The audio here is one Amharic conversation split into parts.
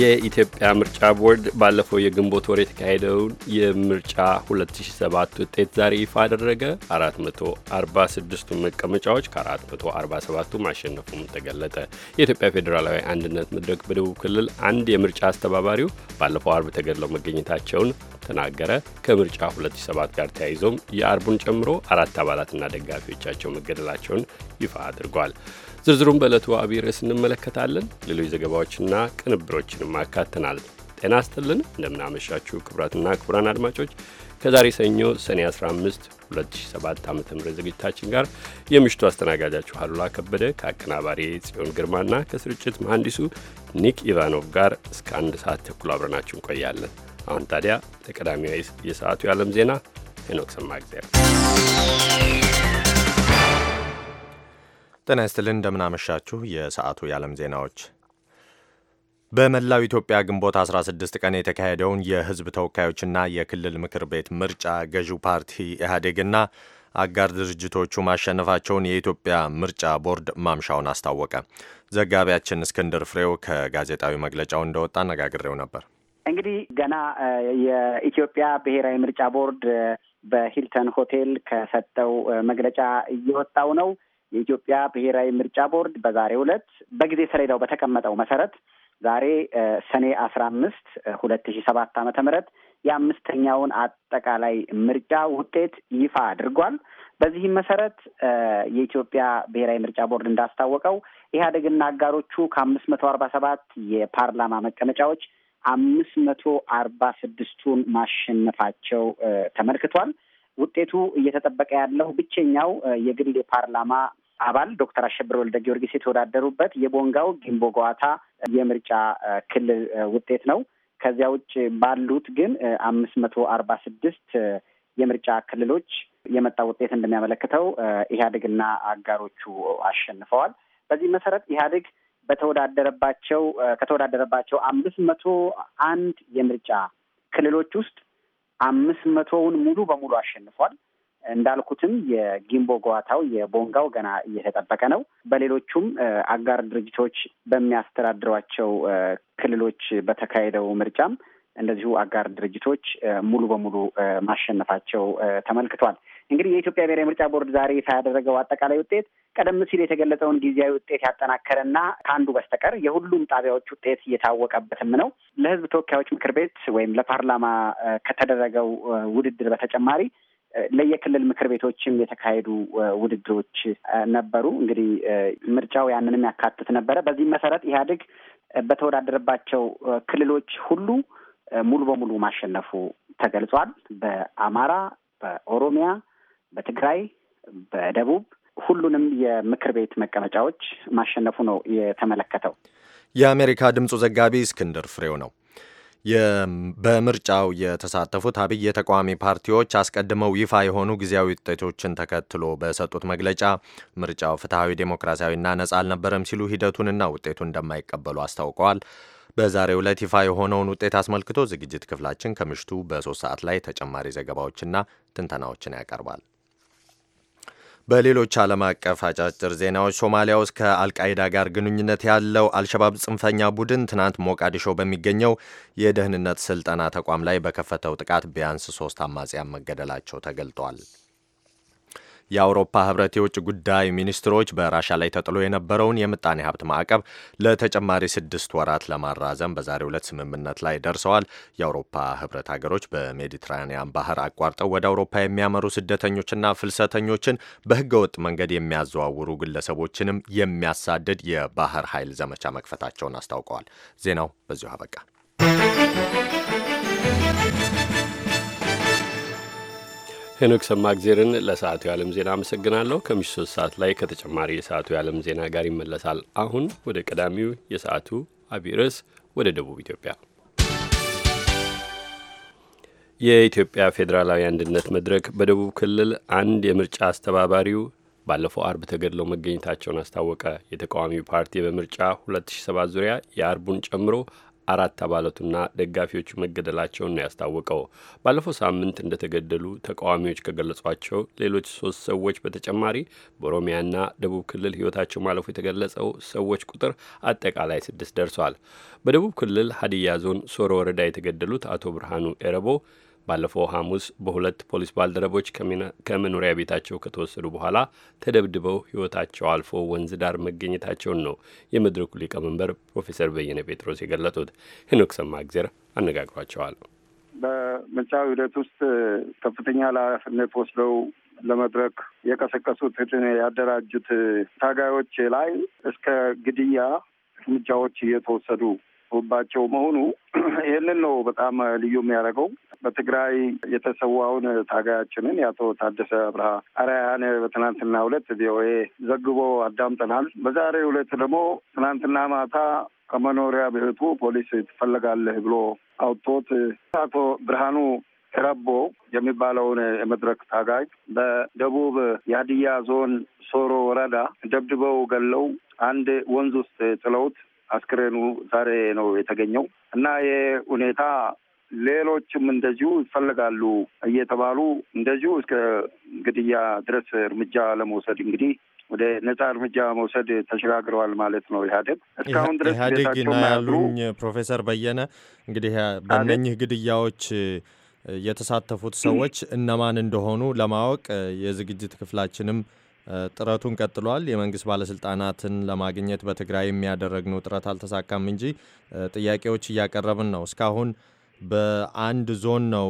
የኢትዮጵያ ምርጫ ቦርድ ባለፈው የግንቦት ወር የተካሄደውን የምርጫ 2007 ውጤት ዛሬ ይፋ አደረገ። 446ቱን መቀመጫዎች ከ447ቱ ማሸነፉም ተገለጠ። የኢትዮጵያ ፌዴራላዊ አንድነት መድረክ በደቡብ ክልል አንድ የምርጫ አስተባባሪው ባለፈው አርብ ተገድለው መገኘታቸውን ተናገረ። ከምርጫ 2007 ጋር ተያይዞም የአርቡን ጨምሮ አራት አባላትና ደጋፊዎቻቸው መገደላቸውን ይፋ አድርጓል። ዝርዝሩን በዕለቱ አብይ ርዕስ እንመለከታለን። ሌሎች ዘገባዎችና ቅንብሮችንም አካተናል። ጤና ስጥልን፣ እንደምናመሻችሁ ክቡራትና ክቡራን አድማጮች ከዛሬ ሰኞ ሰኔ 15 2007 ዓ ም ዝግጅታችን ጋር የምሽቱ አስተናጋጃችሁ አሉላ ከበደ ከአቀናባሪ ጽዮን ግርማና ከስርጭት መሐንዲሱ ኒክ ኢቫኖቭ ጋር እስከ አንድ ሰዓት ተኩል አብረናችሁ እንቆያለን። አሁን ታዲያ ለቀዳሚዋ የሰዓቱ የዓለም ዜና ሄኖክ ሰማእግዜር ጤና ይስጥልን እንደምናመሻችሁ። የሰዓቱ የዓለም ዜናዎች በመላው ኢትዮጵያ ግንቦት 16 ቀን የተካሄደውን የህዝብ ተወካዮችና የክልል ምክር ቤት ምርጫ ገዢው ፓርቲ ኢህአዴግና አጋር ድርጅቶቹ ማሸነፋቸውን የኢትዮጵያ ምርጫ ቦርድ ማምሻውን አስታወቀ። ዘጋቢያችን እስክንድር ፍሬው ከጋዜጣዊ መግለጫው እንደወጣ አነጋግሬው ነበር። እንግዲህ ገና የኢትዮጵያ ብሔራዊ ምርጫ ቦርድ በሂልተን ሆቴል ከሰጠው መግለጫ እየወጣው ነው። የኢትዮጵያ ብሔራዊ ምርጫ ቦርድ በዛሬ ዕለት በጊዜ ሰሌዳው በተቀመጠው መሰረት ዛሬ ሰኔ አስራ አምስት ሁለት ሺ ሰባት ዓመተ ምህረት የአምስተኛውን አጠቃላይ ምርጫ ውጤት ይፋ አድርጓል። በዚህም መሰረት የኢትዮጵያ ብሔራዊ ምርጫ ቦርድ እንዳስታወቀው ኢህአዴግና አጋሮቹ ከአምስት መቶ አርባ ሰባት የፓርላማ መቀመጫዎች አምስት መቶ አርባ ስድስቱን ማሸነፋቸው ተመልክቷል። ውጤቱ እየተጠበቀ ያለው ብቸኛው የግል የፓርላማ አባል ዶክተር አሸብር ወልደ ጊዮርጊስ የተወዳደሩበት የቦንጋው ጊምቦ ጓዋታ የምርጫ ክልል ውጤት ነው። ከዚያ ውጭ ባሉት ግን አምስት መቶ አርባ ስድስት የምርጫ ክልሎች የመጣ ውጤት እንደሚያመለክተው ኢህአዴግና አጋሮቹ አሸንፈዋል። በዚህ መሰረት ኢህአዴግ በተወዳደረባቸው ከተወዳደረባቸው አምስት መቶ አንድ የምርጫ ክልሎች ውስጥ አምስት መቶውን ሙሉ በሙሉ አሸንፏል። እንዳልኩትም የጊምቦ ጓታው የቦንጋው ገና እየተጠበቀ ነው። በሌሎቹም አጋር ድርጅቶች በሚያስተዳድሯቸው ክልሎች በተካሄደው ምርጫም እንደዚሁ አጋር ድርጅቶች ሙሉ በሙሉ ማሸነፋቸው ተመልክቷል። እንግዲህ የኢትዮጵያ ብሔራዊ ምርጫ ቦርድ ዛሬ ይፋ ያደረገው አጠቃላይ ውጤት ቀደም ሲል የተገለጸውን ጊዜያዊ ውጤት ያጠናከረና ከአንዱ በስተቀር የሁሉም ጣቢያዎች ውጤት እየታወቀበትም ነው። ለህዝብ ተወካዮች ምክር ቤት ወይም ለፓርላማ ከተደረገው ውድድር በተጨማሪ ለየክልል ምክር ቤቶችም የተካሄዱ ውድድሮች ነበሩ። እንግዲህ ምርጫው ያንንም ያካትት ነበረ። በዚህም መሰረት ኢህአዴግ በተወዳደረባቸው ክልሎች ሁሉ ሙሉ በሙሉ ማሸነፉ ተገልጿል። በአማራ፣ በኦሮሚያ በትግራይ፣ በደቡብ ሁሉንም የምክር ቤት መቀመጫዎች ማሸነፉ ነው የተመለከተው። የአሜሪካ ድምፁ ዘጋቢ እስክንድር ፍሬው ነው። በምርጫው የተሳተፉት አብይ የተቃዋሚ ፓርቲዎች አስቀድመው ይፋ የሆኑ ጊዜያዊ ውጤቶችን ተከትሎ በሰጡት መግለጫ ምርጫው ፍትሐዊ፣ ዴሞክራሲያዊና ነጻ አልነበረም ሲሉ ሂደቱንና ውጤቱን እንደማይቀበሉ አስታውቀዋል። በዛሬው ዕለት ይፋ የሆነውን ውጤት አስመልክቶ ዝግጅት ክፍላችን ከምሽቱ በሶስት ሰዓት ላይ ተጨማሪ ዘገባዎችና ትንተናዎችን ያቀርባል። በሌሎች ዓለም አቀፍ አጫጭር ዜናዎች ሶማሊያ ውስጥ ከአልቃይዳ ጋር ግንኙነት ያለው አልሸባብ ጽንፈኛ ቡድን ትናንት ሞቃዲሾ በሚገኘው የደህንነት ስልጠና ተቋም ላይ በከፈተው ጥቃት ቢያንስ ሶስት አማጽያን መገደላቸው ተገልጧል። የአውሮፓ ህብረት የውጭ ጉዳይ ሚኒስትሮች በራሻ ላይ ተጥሎ የነበረውን የምጣኔ ሀብት ማዕቀብ ለተጨማሪ ስድስት ወራት ለማራዘም በዛሬው ዕለት ስምምነት ላይ ደርሰዋል። የአውሮፓ ህብረት ሀገሮች በሜዲትራኒያን ባህር አቋርጠው ወደ አውሮፓ የሚያመሩ ስደተኞችና ፍልሰተኞችን በህገወጥ መንገድ የሚያዘዋውሩ ግለሰቦችንም የሚያሳድድ የባህር ኃይል ዘመቻ መክፈታቸውን አስታውቀዋል። ዜናው በዚሁ አበቃ። ሄኖክ ሰማግዜርን ለሰዓቱ የዓለም ዜና አመሰግናለሁ። ከምሽቱ ሶስት ሰዓት ላይ ከተጨማሪ የሰዓቱ የዓለም ዜና ጋር ይመለሳል። አሁን ወደ ቀዳሚው የሰዓቱ አብይ ርዕስ ወደ ደቡብ ኢትዮጵያ የኢትዮጵያ ፌዴራላዊ አንድነት መድረክ በደቡብ ክልል አንድ የምርጫ አስተባባሪው ባለፈው አርብ ተገድለው መገኘታቸውን አስታወቀ። የተቃዋሚው ፓርቲ በምርጫ 2007 ዙሪያ የአርቡን ጨምሮ አራት አባላቱና ደጋፊዎቹ መገደላቸውን ነው ያስታወቀው። ባለፈው ሳምንት እንደተገደሉ ተቃዋሚዎች ከገለጿቸው ሌሎች ሶስት ሰዎች በተጨማሪ በኦሮሚያና ደቡብ ክልል ሕይወታቸው ማለፉ የተገለጸው ሰዎች ቁጥር አጠቃላይ ስድስት ደርሷል። በደቡብ ክልል ሀዲያ ዞን ሶሮ ወረዳ የተገደሉት አቶ ብርሃኑ ኤረቦ ባለፈው ሐሙስ በሁለት ፖሊስ ባልደረቦች ከመኖሪያ ቤታቸው ከተወሰዱ በኋላ ተደብድበው ሕይወታቸው አልፎ ወንዝ ዳር መገኘታቸውን ነው የመድረኩ ሊቀመንበር ፕሮፌሰር በየነ ጴጥሮስ የገለጡት። ሄኖክ ሰማእግዜር አነጋግሯቸዋል። በምርጫው ሂደት ውስጥ ከፍተኛ ኃላፊነት ወስደው ለመድረክ የቀሰቀሱት ያደራጁት ታጋዮች ላይ እስከ ግድያ እርምጃዎች እየተወሰዱ ባቸው መሆኑ ይህንን ነው በጣም ልዩ የሚያደርገው። በትግራይ የተሰዋውን ታጋያችንን የአቶ ታደሰ አብርሃ አርያን በትናንትና ሁለት ቪኦኤ ዘግቦ አዳምጠናል። በዛሬ ሁለት ደግሞ ትናንትና ማታ ከመኖሪያ ቤቱ ፖሊስ ትፈለጋለህ ብሎ አውጥቶት አቶ ብርሃኑ ረቦ የሚባለውን የመድረክ ታጋይ በደቡብ የሀዲያ ዞን ሶሮ ወረዳ ደብድበው ገለው አንድ ወንዝ ውስጥ ጥለውት አስክሬኑ ዛሬ ነው የተገኘው እና ይህ ሁኔታ ሌሎችም እንደዚሁ ይፈልጋሉ እየተባሉ እንደዚሁ እስከ ግድያ ድረስ እርምጃ ለመውሰድ እንግዲህ ወደ ነጻ እርምጃ መውሰድ ተሸጋግረዋል ማለት ነው። ኢህአዴግ እስካሁን ድረስ ና ያሉኝ ፕሮፌሰር በየነ እንግዲህ በእነኝህ ግድያዎች የተሳተፉት ሰዎች እነማን እንደሆኑ ለማወቅ የዝግጅት ክፍላችንም ጥረቱን ቀጥሏል። የመንግስት ባለስልጣናትን ለማግኘት በትግራይ የሚያደረግነው ጥረት አልተሳካም እንጂ ጥያቄዎች እያቀረብን ነው። እስካሁን በአንድ ዞን ነው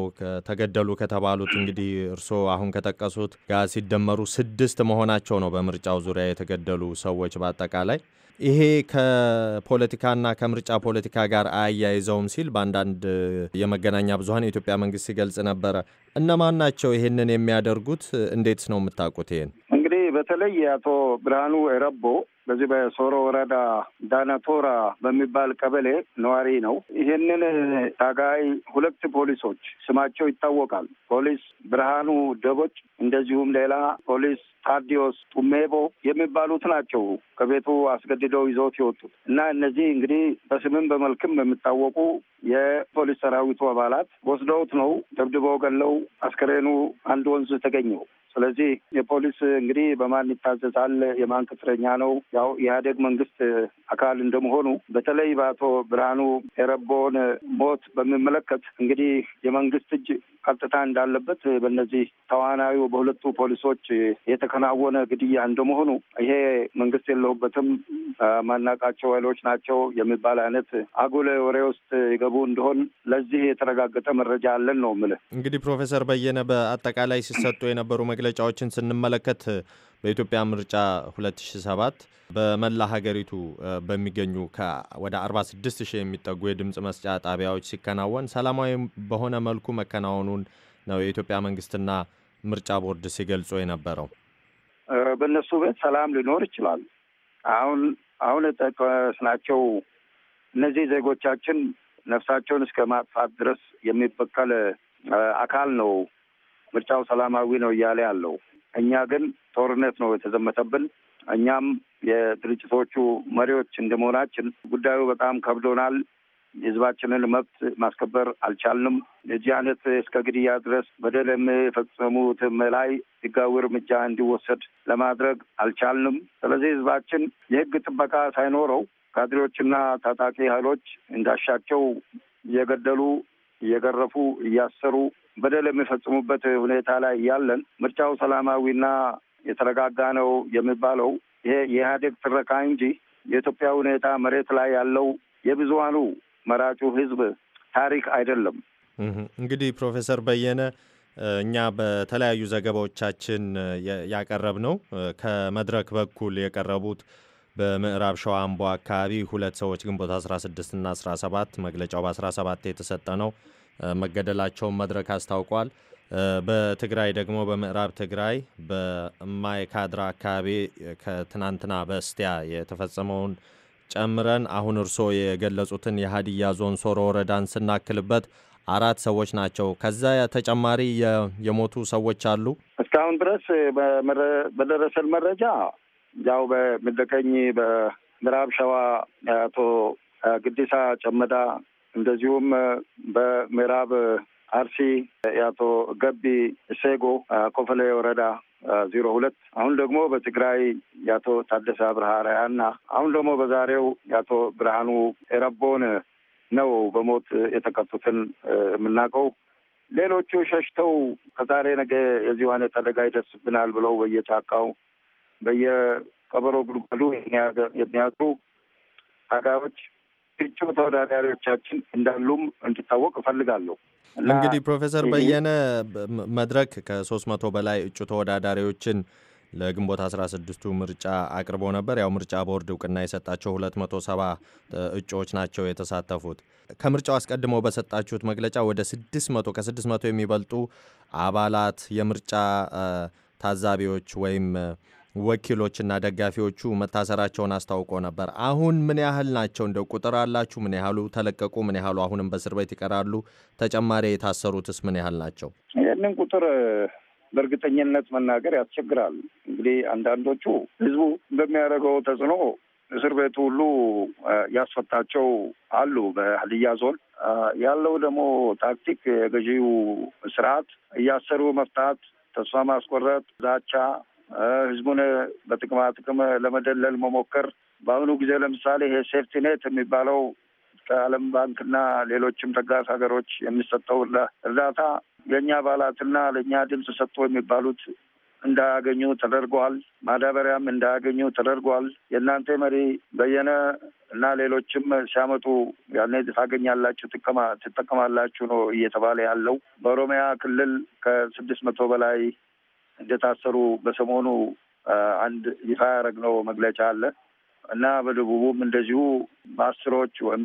ተገደሉ ከተባሉት እንግዲህ እርስዎ አሁን ከጠቀሱት ጋር ሲደመሩ ስድስት መሆናቸው ነው በምርጫው ዙሪያ የተገደሉ ሰዎች በአጠቃላይ ይሄ ከፖለቲካና ከምርጫ ፖለቲካ ጋር አያይዘውም ሲል በአንዳንድ የመገናኛ ብዙኃን የኢትዮጵያ መንግስት ሲገልጽ ነበረ። እነማን ናቸው ይሄንን የሚያደርጉት? እንዴትስ ነው የምታውቁት ይሄን? በተለይ አቶ ብርሃኑ ረቦ በዚህ በሶሮ ወረዳ ዳናቶራ በሚባል ቀበሌ ነዋሪ ነው። ይህንን ታጋይ ሁለት ፖሊሶች ስማቸው ይታወቃል። ፖሊስ ብርሃኑ ደቦጭ፣ እንደዚሁም ሌላ ፖሊስ ታዲዮስ ጡሜቦ የሚባሉት ናቸው ከቤቱ አስገድደው ይዘውት የወጡት እና እነዚህ እንግዲህ በስምም በመልክም የሚታወቁ የፖሊስ ሰራዊቱ አባላት ወስደውት ነው ደብድበው ገለው አስከሬኑ አንድ ወንዝ ተገኘው። ስለዚህ የፖሊስ እንግዲህ በማን ይታዘዛል? የማን ቅጥረኛ ነው? ያው ኢህአዴግ መንግስት አካል እንደመሆኑ በተለይ በአቶ ብርሃኑ የረቦን ሞት በሚመለከት እንግዲህ የመንግስት እጅ ቀጥታ እንዳለበት በእነዚህ ተዋናዩ በሁለቱ ፖሊሶች የተከናወነ ግድያ እንደመሆኑ ይሄ መንግስት የለሁበትም ማናቃቸው ኃይሎች ናቸው የሚባል አይነት አጉል ወሬ ውስጥ ይገቡ እንደሆን ለዚህ የተረጋገጠ መረጃ አለን ነው የምልህ። እንግዲህ ፕሮፌሰር በየነ በአጠቃላይ ሲሰጡ የነበሩ መግለ መግለጫዎችን ስንመለከት በኢትዮጵያ ምርጫ 2007 በመላ ሀገሪቱ በሚገኙ ወደ 46 ሺህ የሚጠጉ የድምፅ መስጫ ጣቢያዎች ሲከናወን ሰላማዊ በሆነ መልኩ መከናወኑን ነው የኢትዮጵያ መንግስትና ምርጫ ቦርድ ሲገልጾ የነበረው። በእነሱ ቤት ሰላም ሊኖር ይችላል። አሁን አሁን የጠቀስናቸው እነዚህ ዜጎቻችን ነፍሳቸውን እስከ ማጥፋት ድረስ የሚበቀል አካል ነው ምርጫው ሰላማዊ ነው እያለ ያለው እኛ ግን ጦርነት ነው የተዘመተብን። እኛም የድርጅቶቹ መሪዎች እንደመሆናችን ጉዳዩ በጣም ከብዶናል። የህዝባችንን መብት ማስከበር አልቻልንም። እዚህ አይነት እስከ ግድያ ድረስ በደል የሚፈጸሙትም ላይ ህጋዊ እርምጃ እንዲወሰድ ለማድረግ አልቻልንም። ስለዚህ ህዝባችን የህግ ጥበቃ ሳይኖረው ካድሬዎችና ታጣቂ ኃይሎች እንዳሻቸው እየገደሉ እየገረፉ እያሰሩ በደል የሚፈጽሙበት ሁኔታ ላይ ያለን ምርጫው ሰላማዊና የተረጋጋ ነው የሚባለው ይሄ የኢህአዴግ ትረካ እንጂ የኢትዮጵያ ሁኔታ መሬት ላይ ያለው የብዙሀኑ መራጩ ህዝብ ታሪክ አይደለም። እንግዲህ ፕሮፌሰር በየነ እኛ በተለያዩ ዘገባዎቻችን ያቀረብ ነው ከመድረክ በኩል የቀረቡት በምዕራብ ሸዋ አምቦ አካባቢ ሁለት ሰዎች ግንቦት 16ና 17 መግለጫው በ17 የተሰጠ ነው መገደላቸውን መድረክ አስታውቋል። በትግራይ ደግሞ በምዕራብ ትግራይ በማይ ካድራ አካባቢ ከትናንትና በስቲያ የተፈጸመውን ጨምረን አሁን እርስዎ የገለጹትን የሀዲያ ዞን ሶሮ ወረዳን ስናክልበት አራት ሰዎች ናቸው። ከዛ ተጨማሪ የሞቱ ሰዎች አሉ። እስካሁን ድረስ በደረሰን መረጃ ያው በምድቀኝ በምዕራብ ሸዋ አቶ ግዲሳ ጨመዳ እንደዚሁም በምዕራብ አርሲ የአቶ ገቢ ሴጎ ኮፈሌ ወረዳ ዜሮ ሁለት አሁን ደግሞ በትግራይ የአቶ ታደሰ አብርሃ ራያና አሁን ደግሞ በዛሬው የአቶ ብርሃኑ ኤረቦን ነው በሞት የተቀጡትን የምናውቀው። ሌሎቹ ሸሽተው ከዛሬ ነገ የዚሁ አይነት አደጋ ይደርስብናል ብለው በየጫካው በየቀበሮ ጉድጓዱ የሚያድሩ ታጋዮች እጩ ተወዳዳሪዎቻችን እንዳሉም እንዲታወቅ እፈልጋለሁ። እንግዲህ ፕሮፌሰር በየነ መድረክ ከሶስት መቶ በላይ እጩ ተወዳዳሪዎችን ለግንቦት 16ቱ ምርጫ አቅርቦ ነበር። ያው ምርጫ ቦርድ እውቅና የሰጣቸው 270 እጩዎች ናቸው የተሳተፉት። ከምርጫው አስቀድሞ በሰጣችሁት መግለጫ ወደ 600 ከ600 የሚበልጡ አባላት የምርጫ ታዛቢዎች ወይም ወኪሎችና ደጋፊዎቹ መታሰራቸውን አስታውቆ ነበር። አሁን ምን ያህል ናቸው? እንደው ቁጥር አላችሁ? ምን ያህሉ ተለቀቁ? ምን ያህሉ አሁንም በእስር ቤት ይቀራሉ? ተጨማሪ የታሰሩትስ ምን ያህል ናቸው? ይህንን ቁጥር በእርግጠኝነት መናገር ያስቸግራል። እንግዲህ አንዳንዶቹ ህዝቡ በሚያደርገው ተጽዕኖ እስር ቤቱ ሁሉ ያስፈታቸው አሉ። በሀዲያ ዞን ያለው ደግሞ ታክቲክ የገዢው ስርዓት እያሰሩ መፍታት፣ ተስፋ ማስቆረጥ፣ ዛቻ ህዝቡን በጥቅማ ጥቅም ለመደለል መሞከር በአሁኑ ጊዜ ለምሳሌ ይሄ ሴፍቲ ኔት የሚባለው ከዓለም ባንክና ሌሎችም ለጋሽ ሀገሮች የሚሰጠው እርዳታ ለእኛ አባላትና ለእኛ ድምፅ ሰጥቶ የሚባሉት እንዳያገኙ ተደርጓል። ማዳበሪያም እንዳያገኙ ተደርጓል። የእናንተ መሪ በየነ እና ሌሎችም ሲያመጡ ያኔ ታገኛላችሁ፣ ትጠቀማላችሁ ነው እየተባለ ያለው። በኦሮሚያ ክልል ከስድስት መቶ በላይ እንደታሰሩ በሰሞኑ አንድ ይፋ ያደረግነው መግለጫ አለ እና በደቡቡም እንደዚሁ ማስሮች ወይም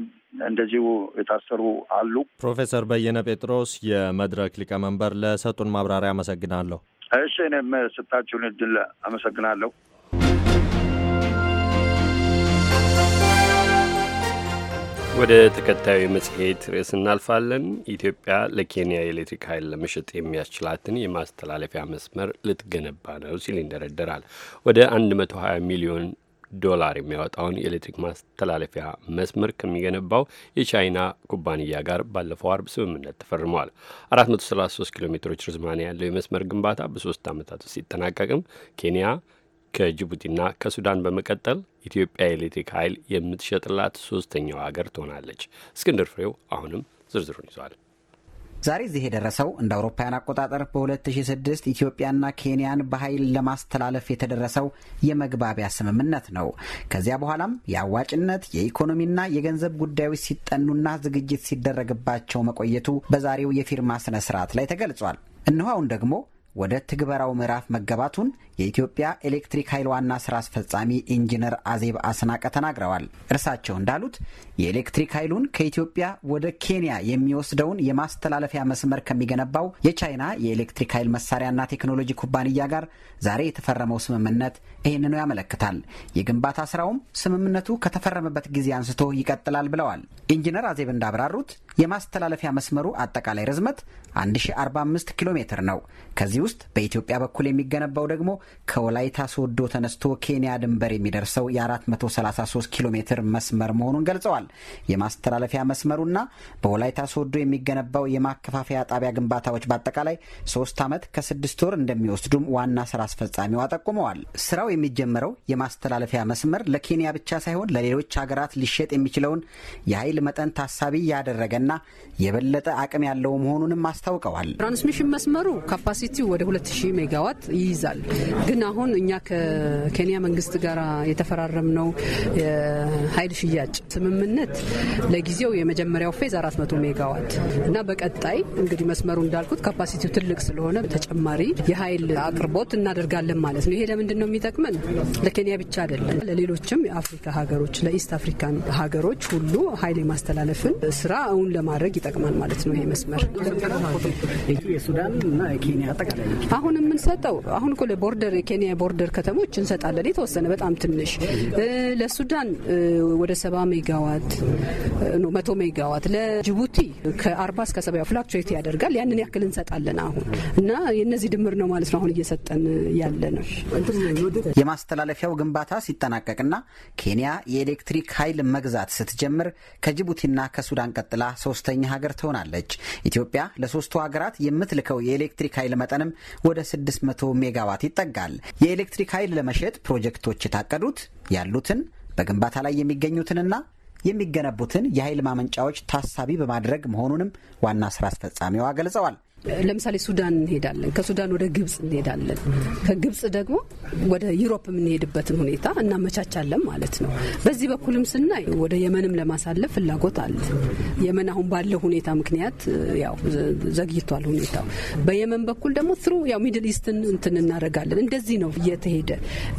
እንደዚሁ የታሰሩ አሉ። ፕሮፌሰር በየነ ጴጥሮስ የመድረክ ሊቀመንበር ለሰጡን ማብራሪያ አመሰግናለሁ። እሺ እኔም ስታችሁን እድል አመሰግናለሁ። ወደ ተከታዩ መጽሔት ርዕስ እናልፋለን። ኢትዮጵያ ለኬንያ የኤሌክትሪክ ኃይል ለመሸጥ የሚያስችላትን የማስተላለፊያ መስመር ልትገነባ ነው ሲል ይንደረደራል። ወደ 120 ሚሊዮን ዶላር የሚያወጣውን የኤሌክትሪክ ማስተላለፊያ መስመር ከሚገነባው የቻይና ኩባንያ ጋር ባለፈው አርብ ስምምነት ተፈርመዋል። 433 ኪሎ ሜትሮች ርዝማኔ ያለው የመስመር ግንባታ በሶስት ዓመታት ውስጥ ሲጠናቀቅም ኬንያ ከጅቡቲና ከሱዳን በመቀጠል ኢትዮጵያ የኤሌክትሪክ ኃይል የምትሸጥላት ሶስተኛው ሀገር ትሆናለች። እስክንድር ፍሬው አሁንም ዝርዝሩን ይዟል። ዛሬ እዚህ የደረሰው እንደ አውሮፓውያን አቆጣጠር በ2006 ኢትዮጵያና ኬንያን በኃይል ለማስተላለፍ የተደረሰው የመግባቢያ ስምምነት ነው። ከዚያ በኋላም የአዋጭነት የኢኮኖሚና የገንዘብ ጉዳዮች ሲጠኑና ዝግጅት ሲደረግባቸው መቆየቱ በዛሬው የፊርማ ስነ ስርዓት ላይ ተገልጿል። እነሆ አሁን ደግሞ ወደ ትግበራው ምዕራፍ መገባቱን የኢትዮጵያ ኤሌክትሪክ ኃይል ዋና ስራ አስፈጻሚ ኢንጂነር አዜብ አስናቀ ተናግረዋል። እርሳቸው እንዳሉት የኤሌክትሪክ ኃይሉን ከኢትዮጵያ ወደ ኬንያ የሚወስደውን የማስተላለፊያ መስመር ከሚገነባው የቻይና የኤሌክትሪክ ኃይል መሳሪያና ቴክኖሎጂ ኩባንያ ጋር ዛሬ የተፈረመው ስምምነት ይህንኑ ያመለክታል። የግንባታ ስራውም ስምምነቱ ከተፈረመበት ጊዜ አንስቶ ይቀጥላል ብለዋል። ኢንጂነር አዜብ እንዳብራሩት የማስተላለፊያ መስመሩ አጠቃላይ ርዝመት 1045 ኪሎ ሜትር ነው። ከዚህ ውስጥ በኢትዮጵያ በኩል የሚገነባው ደግሞ ከወላይታ ሶዶ ተነስቶ ኬንያ ድንበር የሚደርሰው የ433 ኪሎ ሜትር መስመር መሆኑን ገልጸዋል። የማስተላለፊያ መስመሩና በወላይታ ሶዶ የሚገነባው የማከፋፈያ ጣቢያ ግንባታዎች በአጠቃላይ ሶስት ዓመት ከስድስት ወር እንደሚወስዱም ዋና ስራ አስፈጻሚዋ ጠቁመዋል። ስራው የሚጀመረው የማስተላለፊያ መስመር ለኬንያ ብቻ ሳይሆን ለሌሎች ሀገራት ሊሸጥ የሚችለውን የኃይል መጠን ታሳቢ ያደረገ ያለውና የበለጠ አቅም ያለው መሆኑንም አስታውቀዋል። ትራንስሚሽን መስመሩ ካፓሲቲው ወደ 2000 ሜጋዋት ይይዛል። ግን አሁን እኛ ከኬንያ መንግስት ጋር የተፈራረምነው የኃይል ሽያጭ ስምምነት ለጊዜው የመጀመሪያው ፌዝ 400 ሜጋዋት እና በቀጣይ እንግዲህ መስመሩ እንዳልኩት ካፓሲቲው ትልቅ ስለሆነ ተጨማሪ የኃይል አቅርቦት እናደርጋለን ማለት ነው። ይሄ ለምንድን ነው የሚጠቅመን? ለኬንያ ብቻ አይደለም፣ ለሌሎችም የአፍሪካ ሀገሮች ለኢስት አፍሪካን ሀገሮች ሁሉ ኃይል የማስተላለፍን ስራ እውን ለማድረግ ይጠቅማል ማለት ነው። ይሄ መስመር አሁን የምንሰጠው አሁን እኮ ለቦርደር የኬንያ ቦርደር ከተሞች እንሰጣለን የተወሰነ በጣም ትንሽ ለሱዳን ወደ ሰባ ሜጋዋት መቶ ሜጋዋት ለጅቡቲ ከአርባ እስከ ሰባ ፍላክቹዌት ያደርጋል። ያንን ያክል እንሰጣለን አሁን እና የነዚህ ድምር ነው ማለት ነው አሁን እየሰጠን ያለ ነው። የማስተላለፊያው ግንባታ ሲጠናቀቅና ኬንያ የኤሌክትሪክ ኃይል መግዛት ስትጀምር ከጅቡቲና ከሱዳን ቀጥላ ሶስተኛ ሀገር ትሆናለች። ኢትዮጵያ ለሶስቱ ሀገራት የምትልከው የኤሌክትሪክ ኃይል መጠንም ወደ 600 ሜጋዋት ይጠጋል። የኤሌክትሪክ ኃይል ለመሸጥ ፕሮጀክቶች የታቀዱት ያሉትን በግንባታ ላይ የሚገኙትንና የሚገነቡትን የኃይል ማመንጫዎች ታሳቢ በማድረግ መሆኑንም ዋና ስራ አስፈጻሚዋ ገልጸዋል። ለምሳሌ ሱዳን እንሄዳለን፣ ከሱዳን ወደ ግብጽ እንሄዳለን፣ ከግብጽ ደግሞ ወደ ዩሮፕ የምንሄድበትን ሁኔታ እናመቻቻለን ማለት ነው። በዚህ በኩልም ስናይ ወደ የመንም ለማሳለፍ ፍላጎት አለ። የመን አሁን ባለው ሁኔታ ምክንያት ያው ዘግይቷል ሁኔታው። በየመን በኩል ደግሞ ትሩ ያው ሚድል ኢስትን እንትን እናደርጋለን። እንደዚህ ነው እየተሄደ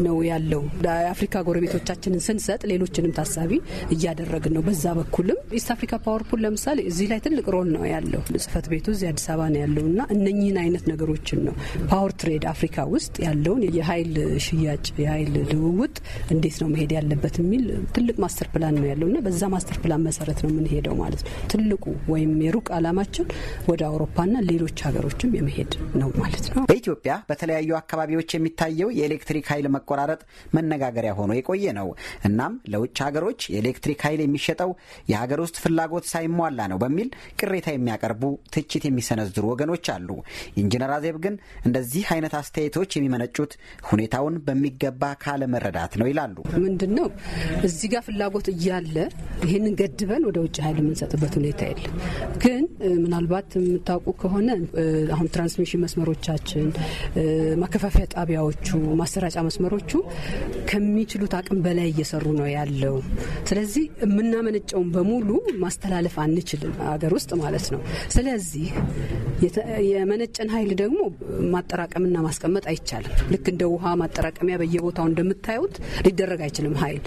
ነው ያለው። የአፍሪካ ጎረቤቶቻችንን ስንሰጥ ሌሎችንም ታሳቢ እያደረግን ነው። በዛ በኩልም ኢስት አፍሪካ ፓወር ፑል ለምሳሌ እዚህ ላይ ትልቅ ሮል ነው ያለው። ጽህፈት ቤቱ እዚህ አዲስ አበባ ነው ያለው ያለው እና እነኚህን አይነት ነገሮችን ነው ፓወር ትሬድ አፍሪካ ውስጥ ያለውን የሀይል ሽያጭ የሀይል ልውውጥ እንዴት ነው መሄድ ያለበት የሚል ትልቅ ማስተር ፕላን ነው ያለው እና በዛ ማስተር ፕላን መሰረት ነው የምንሄደው ማለት ነው። ትልቁ ወይም የሩቅ አላማችን ወደ አውሮፓና ሌሎች ሀገሮችም የመሄድ ነው ማለት ነው። በኢትዮጵያ በተለያዩ አካባቢዎች የሚታየው የኤሌክትሪክ ኃይል መቆራረጥ መነጋገሪያ ሆኖ የቆየ ነው። እናም ለውጭ ሀገሮች የኤሌክትሪክ ኃይል የሚሸጠው የሀገር ውስጥ ፍላጎት ሳይሟላ ነው በሚል ቅሬታ የሚያቀርቡ ትችት የሚሰነዝሩ ወገኖች አሉ። ኢንጂነር አዜብ ግን እንደዚህ አይነት አስተያየቶች የሚመነጩት ሁኔታውን በሚገባ ካለመረዳት ነው ይላሉ። ምንድን ነው እዚህ ጋር ፍላጎት እያለ ይህንን ገድበን ወደ ውጭ ኃይል የምንሰጥበት ሁኔታ የለም። ግን ምናልባት የምታውቁ ከሆነ አሁን ትራንስሚሽን መስመሮቻችን፣ ማከፋፈያ ጣቢያዎቹ፣ ማሰራጫ መስመሮቹ ከሚችሉት አቅም በላይ እየሰሩ ነው ያለው። ስለዚህ የምናመነጨውን በሙሉ ማስተላለፍ አንችልም አገር ውስጥ ማለት ነው። ስለዚህ የመነጨን ኃይል ደግሞ ማጠራቀምና ማስቀመጥ አይቻልም። ልክ እንደ ውሃ ማጠራቀሚያ በየቦታው እንደምታዩት ሊደረግ አይችልም ኃይል።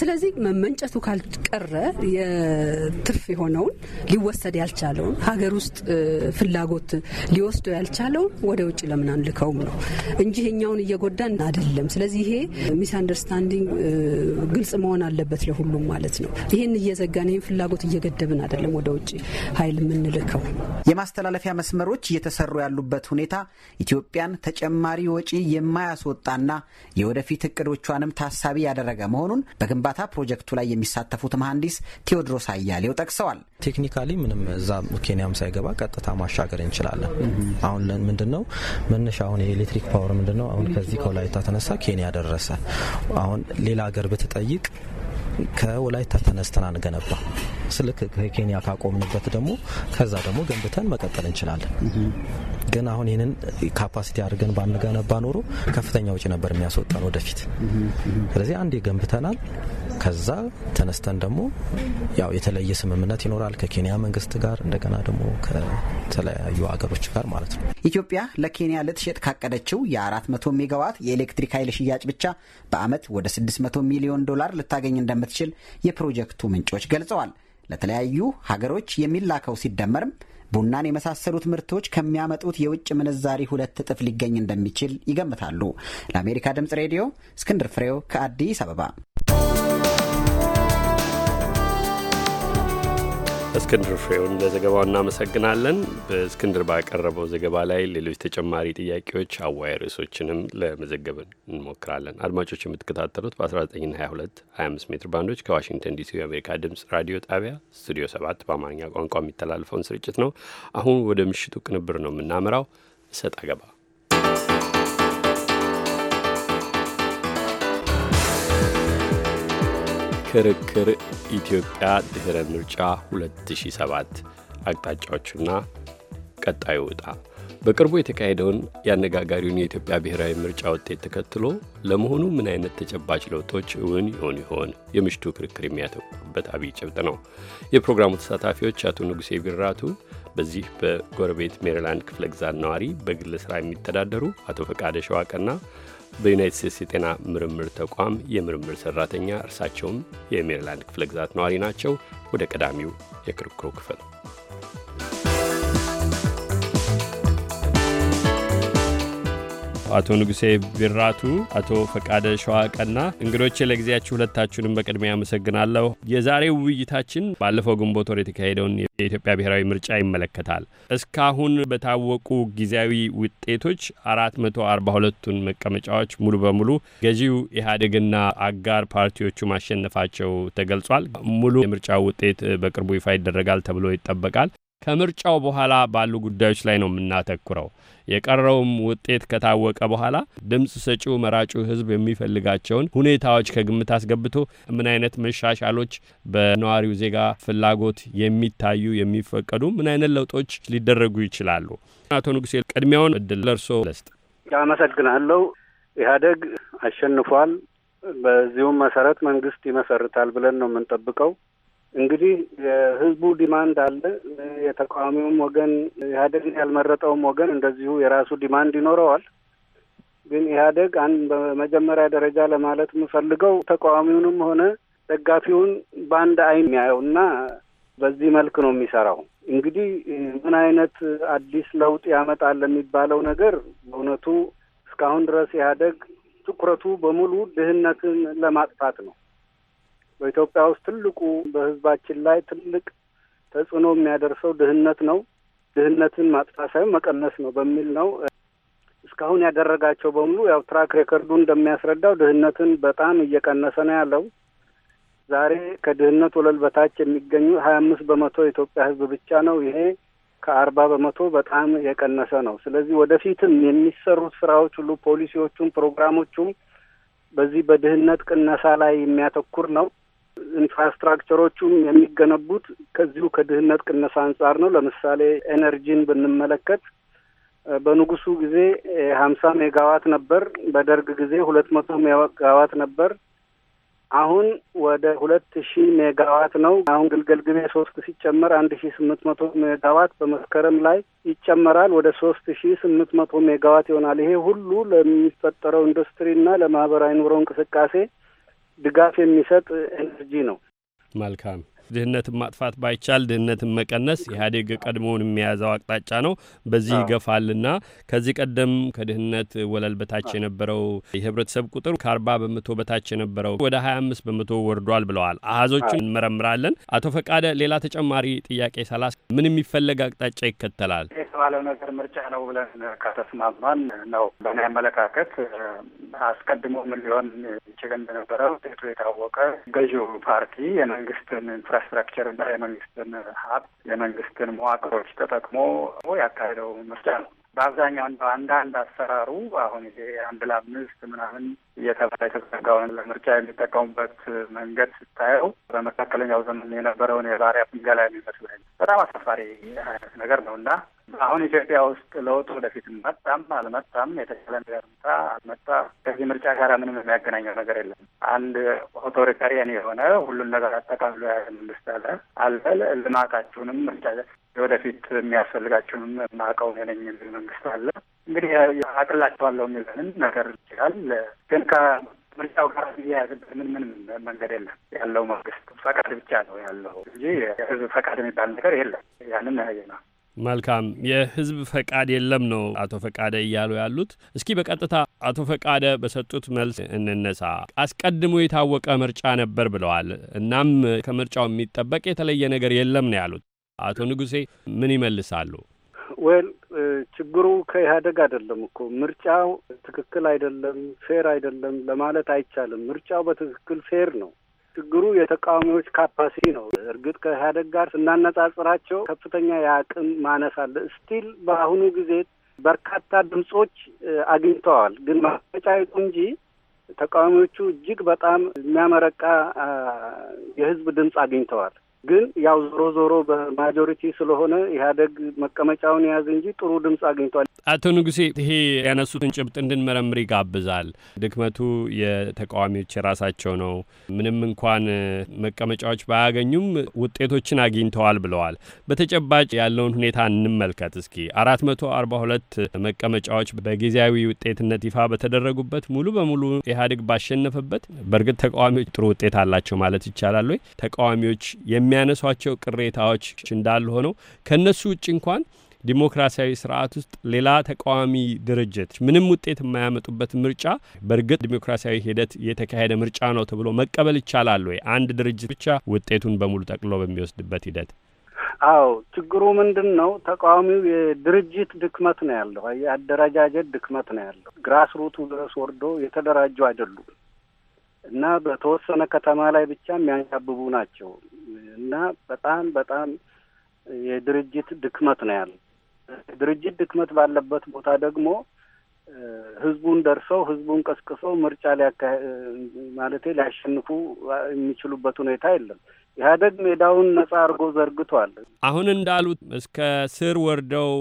ስለዚህ መመንጨቱ ካልቀረ የትርፍ የሆነውን ሊወሰድ ያልቻለውን ሀገር ውስጥ ፍላጎት ሊወስደው ያልቻለውን ወደ ውጭ ለምን አንልከውም ነው እንጂ እኛውን እየጎዳን አይደለም። ስለዚህ ይሄ ሚስ አንደርስታንዲንግ ግልጽ መሆን አለበት ለሁሉም ማለት ነው። ይህን እየዘጋን ይህን ፍላጎት እየገደብን አይደለም ወደ ውጭ ኃይል የምንልከው የማስተላለፊያ መስመሮች እየተሰሩ ያሉበት ሁኔታ ኢትዮጵያን ተጨማሪ ወጪ የማያስወጣና የወደፊት እቅዶቿንም ታሳቢ ያደረገ መሆኑን በግንባታ ፕሮጀክቱ ላይ የሚሳተፉት መሐንዲስ ቴዎድሮስ አያሌው ጠቅሰዋል። ቴክኒካሊ ምንም እዛ ኬንያም ሳይገባ ቀጥታ ማሻገር እንችላለን። አሁን ምንድን ነው መነሻ አሁን የኤሌክትሪክ ፓወር ምንድን ነው አሁን ከዚህ ከወላይታ ተነሳ ኬንያ ደረሰ። አሁን ሌላ ሀገር ብትጠይቅ ከወላይታ ተነስተን አንገነባ ስልክ ከኬንያ ካቆምንበት ደግሞ ከዛ ደግሞ ገንብተን መቀጠል እንችላለን። ግን አሁን ይህንን ካፓሲቲ አድርገን ባንገነባ ኖሮ ከፍተኛ ውጭ ነበር የሚያስወጣን ወደፊት። ስለዚህ አንዴ ገንብተናል። ከዛ ተነስተን ደግሞ ያው የተለየ ስምምነት ይኖራል ከኬንያ መንግስት ጋር እንደገና ደግሞ ከተለያዩ ሀገሮች ጋር ማለት ነው። ኢትዮጵያ ለኬንያ ልትሸጥ ካቀደችው የ400 ሜጋዋት የኤሌክትሪክ ኃይል ሽያጭ ብቻ በአመት ወደ 600 ሚሊዮን ዶላር ልታገኝ እንደምትችል የፕሮጀክቱ ምንጮች ገልጸዋል። ለተለያዩ ሀገሮች የሚላከው ሲደመርም ቡናን የመሳሰሉት ምርቶች ከሚያመጡት የውጭ ምንዛሪ ሁለት እጥፍ ሊገኝ እንደሚችል ይገምታሉ። ለአሜሪካ ድምጽ ሬዲዮ እስክንድር ፍሬው ከአዲስ አበባ እስክንድር ፍሬውን ለዘገባው እናመሰግናለን። በእስክንድር ባቀረበው ዘገባ ላይ ሌሎች ተጨማሪ ጥያቄዎች፣ አዋይ ርዕሶችንም ለመዘገብ እንሞክራለን። አድማጮች የምትከታተሉት በ19ና 25 ሜትር ባንዶች ከዋሽንግተን ዲሲ የአሜሪካ ድምፅ ራዲዮ ጣቢያ ስቱዲዮ 7 በአማርኛ ቋንቋ የሚተላለፈውን ስርጭት ነው። አሁን ወደ ምሽቱ ቅንብር ነው የምናመራው። እሰጥ አገባ ክርክር ኢትዮጵያ ድኅረ ምርጫ 2007 አቅጣጫዎችና ቀጣዩ ዕጣ በቅርቡ የተካሄደውን የአነጋጋሪውን የኢትዮጵያ ብሔራዊ ምርጫ ውጤት ተከትሎ ለመሆኑ ምን አይነት ተጨባጭ ለውጦች እውን ይሆን ይሆን? የምሽቱ ክርክር የሚያተኩርበት አብይ ጭብጥ ነው። የፕሮግራሙ ተሳታፊዎች አቶ ንጉሴ ቢራቱ በዚህ በጎረቤት ሜሪላንድ ክፍለ ግዛት ነዋሪ በግል ስራ የሚተዳደሩ አቶ ፈቃደ ሸዋቀና በዩናይት ስቴትስ የጤና ምርምር ተቋም የምርምር ሰራተኛ፣ እርሳቸውም የሜሪላንድ ክፍለ ግዛት ነዋሪ ናቸው። ወደ ቀዳሚው የክርክሩ ክፍል አቶ ንጉሴ ቢራቱ፣ አቶ ፈቃደ ሸዋቀና እንግዶቼ ለጊዜያችሁ ሁለታችሁንም በቅድሚያ አመሰግናለሁ። የዛሬው ውይይታችን ባለፈው ግንቦት ወር የተካሄደውን የኢትዮጵያ ብሔራዊ ምርጫ ይመለከታል። እስካሁን በታወቁ ጊዜያዊ ውጤቶች 442ቱን መቀመጫዎች ሙሉ በሙሉ ገዢው ኢህአዴግና አጋር ፓርቲዎቹ ማሸነፋቸው ተገልጿል። ሙሉ የምርጫ ውጤት በቅርቡ ይፋ ይደረጋል ተብሎ ይጠበቃል። ከምርጫው በኋላ ባሉ ጉዳዮች ላይ ነው የምናተኩረው። የቀረውም ውጤት ከታወቀ በኋላ ድምፅ ሰጪው መራጩ ህዝብ የሚፈልጋቸውን ሁኔታዎች ከግምት አስገብቶ ምን አይነት መሻሻሎች በነዋሪው ዜጋ ፍላጎት የሚታዩ የሚፈቀዱ ምን አይነት ለውጦች ሊደረጉ ይችላሉ? አቶ ንጉሴ ቅድሚያውን እድል ለእርሶ ለስጥ። አመሰግናለሁ። ኢህአደግ አሸንፏል። በዚሁም መሰረት መንግስት ይመሰርታል ብለን ነው የምንጠብቀው። እንግዲህ የህዝቡ ዲማንድ አለ። የተቃዋሚውም ወገን ኢህአዴግን ያልመረጠውም ወገን እንደዚሁ የራሱ ዲማንድ ይኖረዋል። ግን ኢህአዴግ አንድ በመጀመሪያ ደረጃ ለማለት የምፈልገው ተቃዋሚውንም ሆነ ደጋፊውን በአንድ አይን የሚያየው እና በዚህ መልክ ነው የሚሰራው። እንግዲህ ምን አይነት አዲስ ለውጥ ያመጣል የሚባለው ነገር በእውነቱ እስካሁን ድረስ ኢህአዴግ ትኩረቱ በሙሉ ድህነትን ለማጥፋት ነው። በኢትዮጵያ ውስጥ ትልቁ በህዝባችን ላይ ትልቅ ተጽዕኖ የሚያደርሰው ድህነት ነው። ድህነትን ማጥፋት ሳይሆን መቀነስ ነው በሚል ነው እስካሁን ያደረጋቸው በሙሉ ያው ትራክ ሬከርዱ እንደሚያስረዳው ድህነትን በጣም እየቀነሰ ነው ያለው። ዛሬ ከድህነት ወለል በታች የሚገኙ ሀያ አምስት በመቶ የኢትዮጵያ ህዝብ ብቻ ነው። ይሄ ከአርባ በመቶ በጣም የቀነሰ ነው። ስለዚህ ወደፊትም የሚሰሩት ስራዎች ሁሉ ፖሊሲዎቹም፣ ፕሮግራሞቹም በዚህ በድህነት ቅነሳ ላይ የሚያተኩር ነው። ኢንፍራስትራክቸሮቹም የሚገነቡት ከዚሁ ከድህነት ቅነሳ አንጻር ነው። ለምሳሌ ኤነርጂን ብንመለከት በንጉሱ ጊዜ ሀምሳ ሜጋዋት ነበር። በደርግ ጊዜ ሁለት መቶ ሜጋዋት ነበር። አሁን ወደ ሁለት ሺህ ሜጋዋት ነው። አሁን ግልገል ግቤ ሶስት ሲጨመር አንድ ሺህ ስምንት መቶ ሜጋዋት በመስከረም ላይ ይጨመራል። ወደ ሶስት ሺህ ስምንት መቶ ሜጋዋት ይሆናል። ይሄ ሁሉ ለሚፈጠረው ኢንዱስትሪና ለማህበራዊ ኑሮ እንቅስቃሴ ድጋፍ የሚሰጥ ኤነርጂ ነው። መልካም ድህነትን ማጥፋት ባይቻል ድህነትን መቀነስ ኢህአዴግ ቀድሞውን የሚያዘው አቅጣጫ ነው። በዚህ ይገፋልና ከዚህ ቀደም ከድህነት ወለል በታች የነበረው የህብረተሰብ ቁጥር ከአርባ በመቶ በታች የነበረው ወደ ሀያ አምስት በመቶ ወርዷል ብለዋል። አሀዞቹን እንመረምራለን። አቶ ፈቃደ ሌላ ተጨማሪ ጥያቄ ሳላስ ምን የሚፈለግ አቅጣጫ ይከተላል? የተባለው ነገር ምርጫ ነው ብለን ከተስማማን ነው። በእኔ አመለካከት አስቀድሞ ምን ሊሆን ይችል እንደነበረው ውጤቱ የታወቀ ገዢው ፓርቲ የመንግስትን ኢንፍራስትራክቸር እና የመንግስትን ሀብት የመንግስትን መዋቅሮች ተጠቅሞ ያካሄደው ምርጫ ነው። በአብዛኛው እንደ አንዳንድ አሰራሩ አሁን ይሄ አንድ ለአምስት ምናምን እየተባለ የተዘጋውን ለምርጫ የሚጠቀሙበት መንገድ ስታየው በመካከለኛው ዘመን የነበረውን የባሪያ ፍንገላ የሚመስለኝ በጣም አሳፋሪ አይነት ነገር ነው እና አሁን ኢትዮጵያ ውስጥ ለውጥ ወደፊት መጣም አልመጣም የተሻለ ነገር መጣ አልመጣ ከዚህ ምርጫ ጋር ምንም የሚያገናኘው ነገር የለም። አንድ ኦቶሪታሪያን የሆነ ሁሉን ነገር አጠቃሉ ያለ መንግስት አለ አለ ልማታችሁንም ምርጫ ወደፊት የሚያስፈልጋችሁንም ማቀው ነኝ የሚል መንግስት አለ። እንግዲህ አቅላችኋለሁ የሚለንን ነገር ይችላል ግን ምርጫው ጋር እያያዝበት ምን ምንም መንገድ የለም። ያለው መንግስት ፈቃድ ብቻ ነው ያለው እንጂ የህዝብ ፈቃድ የሚባል ነገር የለም። ያንን ያየ ነው። መልካም የህዝብ ፈቃድ የለም ነው አቶ ፈቃደ እያሉ ያሉት። እስኪ በቀጥታ አቶ ፈቃደ በሰጡት መልስ እንነሳ። አስቀድሞ የታወቀ ምርጫ ነበር ብለዋል። እናም ከምርጫው የሚጠበቅ የተለየ ነገር የለም ነው ያሉት። አቶ ንጉሴ ምን ይመልሳሉ? ወል ችግሩ ከኢህአደግ አይደለም እኮ ምርጫው ትክክል አይደለም፣ ፌር አይደለም ለማለት አይቻልም። ምርጫው በትክክል ፌር ነው። ችግሩ የተቃዋሚዎች ካፓሲቲ ነው። እርግጥ ከኢህአደግ ጋር ስናነጻጽራቸው ከፍተኛ የአቅም ማነስ አለ። ስቲል በአሁኑ ጊዜ በርካታ ድምጾች አግኝተዋል። ግን ማጫየቱ እንጂ ተቃዋሚዎቹ እጅግ በጣም የሚያመረቃ የህዝብ ድምፅ አግኝተዋል። ግን ያው ዞሮ ዞሮ በማጆሪቲ ስለሆነ ኢህአዴግ መቀመጫውን የያዝ እንጂ ጥሩ ድምፅ አግኝቷል። አቶ ንጉሴ ይሄ ያነሱትን ጭብጥ እንድንመረምር ይጋብዛል። ድክመቱ የተቃዋሚዎች የራሳቸው ነው፣ ምንም እንኳን መቀመጫዎች ባያገኙም ውጤቶችን አግኝተዋል ብለዋል። በተጨባጭ ያለውን ሁኔታ እንመልከት እስኪ። አራት መቶ አርባ ሁለት መቀመጫዎች በጊዜያዊ ውጤትነት ይፋ በተደረጉበት ሙሉ በሙሉ ኢህአዴግ ባሸነፈበት፣ በእርግጥ ተቃዋሚዎች ጥሩ ውጤት አላቸው ማለት ይቻላል ወይ? ተቃዋሚዎች የሚ የሚያነሷቸው ቅሬታዎች እንዳሉ ሆነው ከእነሱ ውጭ እንኳን ዲሞክራሲያዊ ስርዓት ውስጥ ሌላ ተቃዋሚ ድርጅት ምንም ውጤት የማያመጡበት ምርጫ በእርግጥ ዲሞክራሲያዊ ሂደት የተካሄደ ምርጫ ነው ተብሎ መቀበል ይቻላል ወይ? አንድ ድርጅት ብቻ ውጤቱን በሙሉ ጠቅሎ በሚወስድበት ሂደት። አዎ፣ ችግሩ ምንድን ነው? ተቃዋሚው የድርጅት ድክመት ነው ያለው፣ የአደረጃጀት ድክመት ነው ያለው። ግራስሩቱ ድረስ ወርዶ የተደራጁ አይደሉም። እና በተወሰነ ከተማ ላይ ብቻ የሚያንዣብቡ ናቸው እና በጣም በጣም የድርጅት ድክመት ነው ያለ። ድርጅት ድክመት ባለበት ቦታ ደግሞ ህዝቡን ደርሰው ህዝቡን ቀስቅሰው ምርጫ ሊያካ ማለት ሊያሸንፉ የሚችሉበት ሁኔታ የለም። ኢህአደግ ሜዳውን ነጻ አድርጎ ዘርግቷል። አሁን እንዳሉት እስከ ስር ወርደው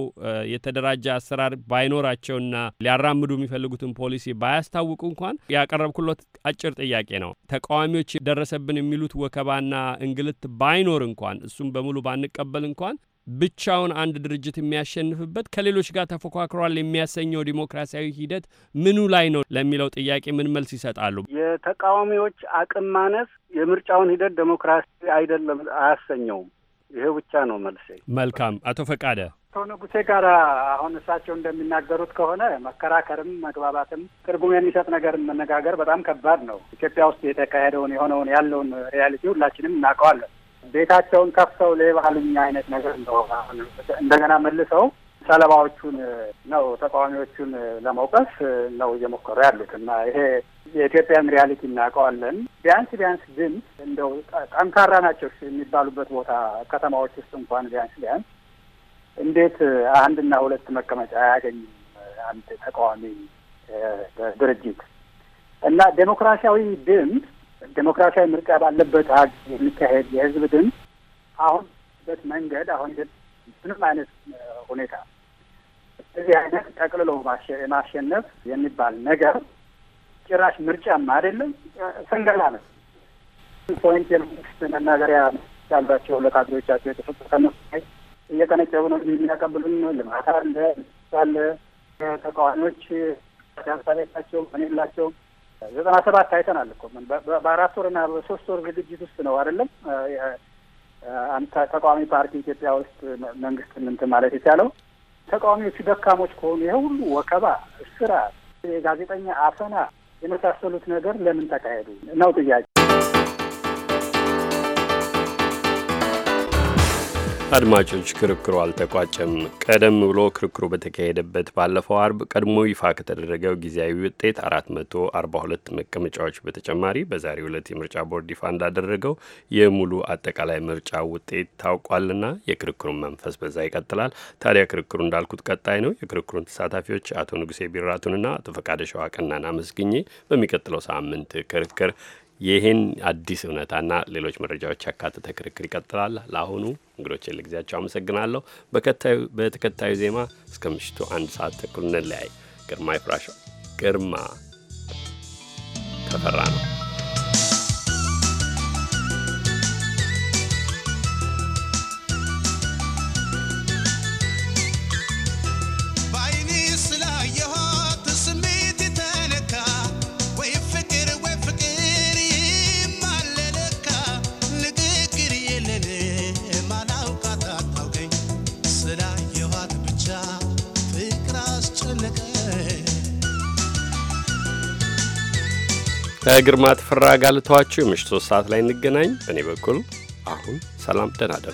የተደራጀ አሰራር ባይኖራቸውና ሊያራምዱ የሚፈልጉትን ፖሊሲ ባያስታውቁ እንኳን ያቀረብኩሎት አጭር ጥያቄ ነው። ተቃዋሚዎች ደረሰብን የሚሉት ወከባና እንግልት ባይኖር እንኳን እሱም በሙሉ ባንቀበል እንኳን ብቻውን አንድ ድርጅት የሚያሸንፍበት ከሌሎች ጋር ተፎካክሯል የሚያሰኘው ዲሞክራሲያዊ ሂደት ምኑ ላይ ነው ለሚለው ጥያቄ ምን መልስ ይሰጣሉ? የተቃዋሚዎች አቅም ማነስ የምርጫውን ሂደት ዴሞክራሲ አይደለም አያሰኘውም። ይሄ ብቻ ነው መልሴ። መልካም አቶ ፈቃደ። አቶ ንጉሴ ጋር አሁን እሳቸው እንደሚናገሩት ከሆነ መከራከርም መግባባትም ትርጉም የሚሰጥ ነገር መነጋገር በጣም ከባድ ነው። ኢትዮጵያ ውስጥ የተካሄደውን የሆነውን ያለውን ሪያሊቲ ሁላችንም እናውቀዋለን። ቤታቸውን ከፍተው ለባህልኛ አይነት ነገር እንደሆነ እንደገና መልሰው ሰለባዎቹን ነው ተቃዋሚዎቹን ለመውቀስ ነው እየሞከሩ ያሉት እና ይሄ የኢትዮጵያን ሪያሊቲ እናውቀዋለን። ቢያንስ ቢያንስ ግን እንደው ጠንካራ ናቸው የሚባሉበት ቦታ ከተማዎች ውስጥ እንኳን ቢያንስ ቢያንስ እንዴት አንድና ሁለት መቀመጫ አያገኝም አንድ ተቃዋሚ ድርጅት እና ዴሞክራሲያዊ ድምፅ ዴሞክራሲያዊ ምርጫ ባለበት ሀገር የሚካሄድ የህዝብ ድምፅ አሁን በት መንገድ አሁን ምንም አይነት ሁኔታ እዚህ አይነት ጠቅልሎ ማሸነፍ የሚባል ነገር ጭራሽ ምርጫም አይደለም፣ ሰንገላ ነው። ፖይንት የመንግስት መናገሪያ ያሏቸው ለካድሬዎቻቸው የተሰጡ ከነሱ ላይ እየቀነጨቡ ነው የሚያቀብሉን። ልማት አለ ሳለ ተቃዋሚዎች ሳቤታቸው ሆኔላቸው ዘጠና ሰባት አይተናል እኮ ምን በአራት ወርና በሶስት ወር ዝግጅት ውስጥ ነው አይደለም ተቃዋሚ ፓርቲ ኢትዮጵያ ውስጥ መንግስት እንትን ማለት የቻለው ተቃዋሚዎቹ ደካሞች ከሆኑ ይሄ ሁሉ ወከባ፣ ስራ የጋዜጠኛ አፈና የመሳሰሉት ነገር ለምን ተካሄዱ ነው ጥያቄ። አድማጮች ክርክሩ አልተቋጨም። ቀደም ብሎ ክርክሩ በተካሄደበት ባለፈው አርብ ቀድሞ ይፋ ከተደረገው ጊዜያዊ ውጤት 442 መቀመጫዎች በተጨማሪ በዛሬው ዕለት የምርጫ ቦርድ ይፋ እንዳደረገው የሙሉ አጠቃላይ ምርጫ ውጤት ታውቋልና የክርክሩን መንፈስ በዛ ይቀጥላል። ታዲያ ክርክሩ እንዳልኩት ቀጣይ ነው። የክርክሩን ተሳታፊዎች አቶ ንጉሴ ቢራቱንና አቶ ፈቃደ ሸዋቀናን አመስግኜ በሚቀጥለው ሳምንት ክርክር ይህን አዲስ እውነታና ሌሎች መረጃዎች ያካተተ ክርክር ይቀጥላል። ለአሁኑ እንግዶችን ለጊዜያቸው አመሰግናለሁ። በተከታዩ ዜማ እስከ ምሽቱ አንድ ሰዓት ተኩል እንለያይ። ግርማ ይፍራሻ ግርማ ተፈራ ነው። ከግርማ ተፈራ ጋር ልተዋችሁ። የምሽቱ ሰዓት ላይ እንገናኝ። በእኔ በኩል አሁን ሰላም፣ ደህና እደሩ።